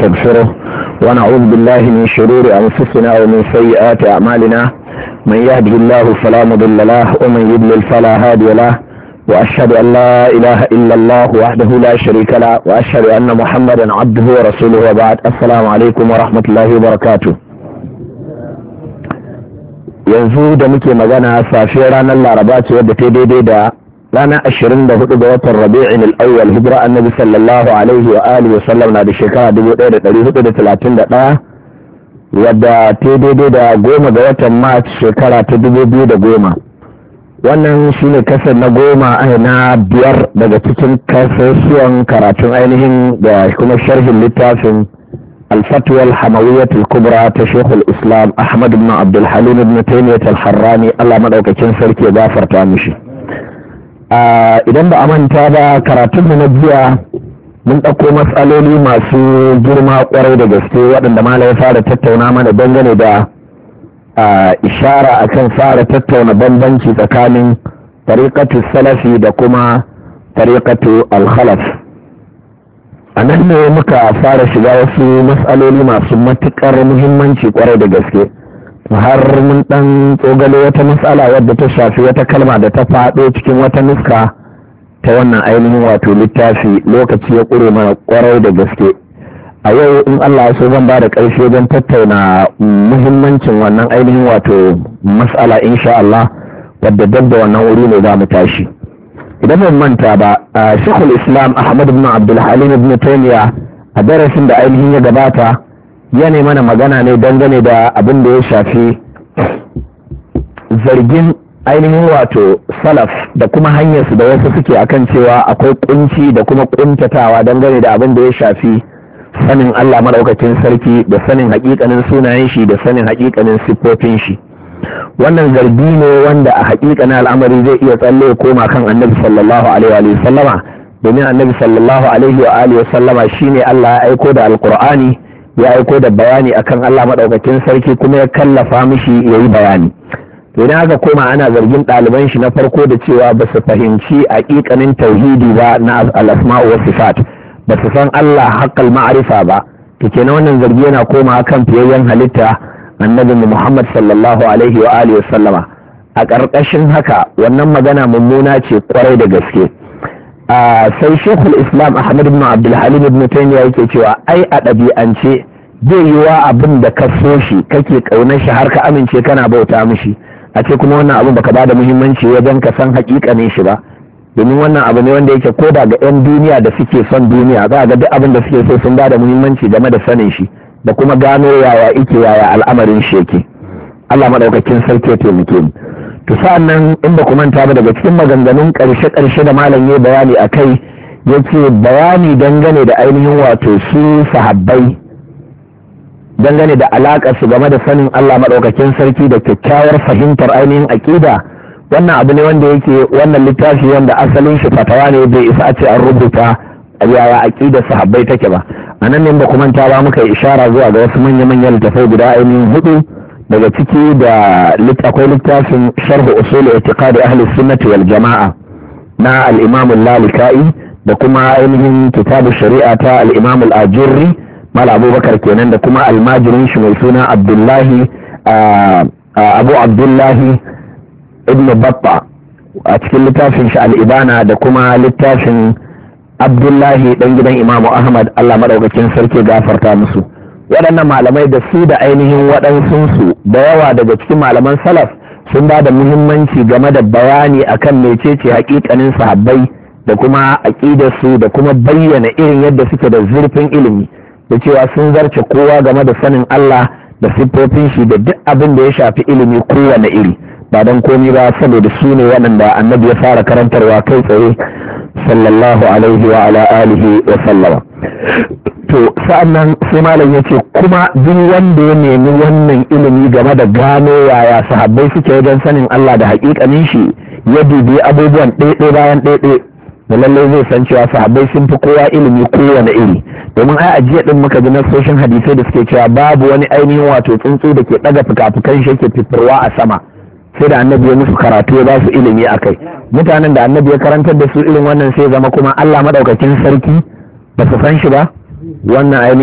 نستغفره ونعوذ بالله من شرور أنفسنا ومن سيئات أعمالنا من يهده الله فلا مضل له ومن يضلل فلا هادي له وأشهد أن لا إله إلا الله وحده لا شريك له وأشهد أن محمدا عبده ورسوله وبعد السلام عليكم ورحمة الله وبركاته yanzu da muke magana safiyar ranar laraba ce wadda ta daidai da ranar ashirin da hudu ga watan rabi'in al'awwal hijira annabi sallallahu alaihi wa alihi wa sallam na da shekara dubu ɗaya da ɗari hudu da talatin da ɗaya wadda ta daidai da goma ga watan shekara ta dubu biyu da goma wannan shine kasar na goma na biyar daga cikin kasasuwan karatun ainihin da kuma sharhin littafin الفتوى الحموية الكبرى تشيخ الإسلام أحمد بن عبد الحليم بن تيمية الحراني الله Sarki كنسر كي دافر تامشي idan ba a manta ba karatunmu na jiya mun ɗauko matsaloli masu girma kwarai da gaske waɗanda mala ya fara tattauna mana dangane da ishara kan fara tattauna bambanci tsakanin tariƙatu salafi da kuma tariƙatu alhalas a nan ne muka fara shiga wasu matsaloli masu matuƙar muhimmanci kwarai da gaske har mun ɗan tsogale wata matsala wadda ta shafi wata kalma da ta faɗo cikin wata nuska ta wannan ainihin wato littafi lokaci ya ƙure mana ƙwarai da gaske a yau in allah so zan ba da ƙarshe don tattauna muhimmancin wannan ainihin wato matsala insha allah wadda dab da wannan wuri ne za mu tashi idan ban manta ba shekul islam ahmad bin abdulhalim ibn taimiya a darasin da ainihin ya gabata yanayi mana magana ne dangane da abin da ya shafi zargin ainihin wato salaf da kuma hanyarsu da wasu suke akan cewa akwai kunci da kuma kuntatawa dangane da abin da ya shafi sanin Allah maɗaukacin sarki da sanin hakikanin sunayen shi da sanin hakikanin siffofin shi wannan zargi ne wanda a na al'amari zai iya tsalle koma kan annabi sallallahu alaihi wa sallama domin annabi sallallahu alaihi wa sallama shine Allah ya aiko da alqur'ani ya aiko da bayani akan Allah maɗaukakin sarki kuma ya kallafa mishi ya yi bayani to idan aka koma ana zargin ɗaliban shi na farko da cewa ba su fahimci aƙiƙanin tauhidi ba na al'asma'u wa sifat ba su san Allah haƙƙal ma'arifa ba to kenan wannan zargi yana koma kan fiyayyen halitta annabi Muhammad sallallahu alaihi wa alihi sallama a ƙarƙashin haka wannan magana mummuna ce kwarai da gaske sai shekul islam ahmad ibn abdulhalim ibn taymiya yake cewa ai a ɗabi'ance zai yi wa abin da ka so shi kake kaunar shi har ka amince kana bauta mishi a ce kuma wannan abin baka bada muhimmanci wajen ka san hakika ne shi ba domin wannan abu ne wanda yake koda ga 'yan duniya da suke son duniya za ga duk abin da suke so sun bada muhimmanci game da sanin shi da kuma gano yaya ike yaya al'amarin shi yake Allah madaukakin sarki ya taimake mu to nan in ba ku manta ba daga cikin maganganun karshe karshe da malam ya bayani akai yace bayani dangane da ainihin wato su sahabbai dangane da alaƙar su game da sanin Allah maɗaukakin sarki da kyakkyawar fahimtar ainihin aƙida wannan abu ne wanda yake wannan littafi wanda asalin shi fatawa ne bai isa a ce an rubuta yaya aƙidar sahabbai take ba a nan ne ba kuma ta ba muka ishara zuwa ga wasu manya-manyan littafai guda ainihin hudu daga ciki da akwai littafin sharhu usul i'tiqad ahli sunnati wal jama'a na al-imam al-lalikai da kuma ainihin kitabu shari'a ta al-imam al-ajurri mala abubakar kenan da kuma almajirin shi mai suna abdullahi abu abdullahi ibn babba a cikin littafin shi al'ibana da kuma littafin abdullahi dan gidan imamu ahmad allah maɗaukakin sarki gafarta musu waɗannan malamai da su da ainihin waɗansunsu da yawa daga cikin malaman salaf sun ba da muhimmanci game da bayani akan mecece hakikanin sahabbai da kuma aƙidarsu da kuma bayyana irin yadda suke da zurfin ilimi da cewa sun zarce kowa game da sanin Allah da siffofin shi da duk abin da ya shafi ilimi kowane iri ba don komi ba saboda su ne waɗanda annabi ya fara karantarwa kai tsaye sallallahu alaihi wa ala alihi wa sallama to nan sai malam ya ce kuma duk wanda ya nemi wannan ilimi game da gano yaya sahabbai suke wajen sanin Allah da haƙiƙanin shi ya dubi abubuwan ɗaiɗai bayan ɗaiɗai da lallai zai san cewa sahabbai sun fi kowa ilimi kowane iri domin ai a jiya din muka ji na soshin hadisai da suke cewa babu wani ainihin wato tsuntsu da ke ɗaga fikafikan shi yake fitarwa a sama sai da annabi ya musu karatu ya ba su ilimi a kai mutanen da annabi ya karantar da su irin wannan sai zama kuma allah maɗaukakin sarki ba su san shi ba wannan ainihin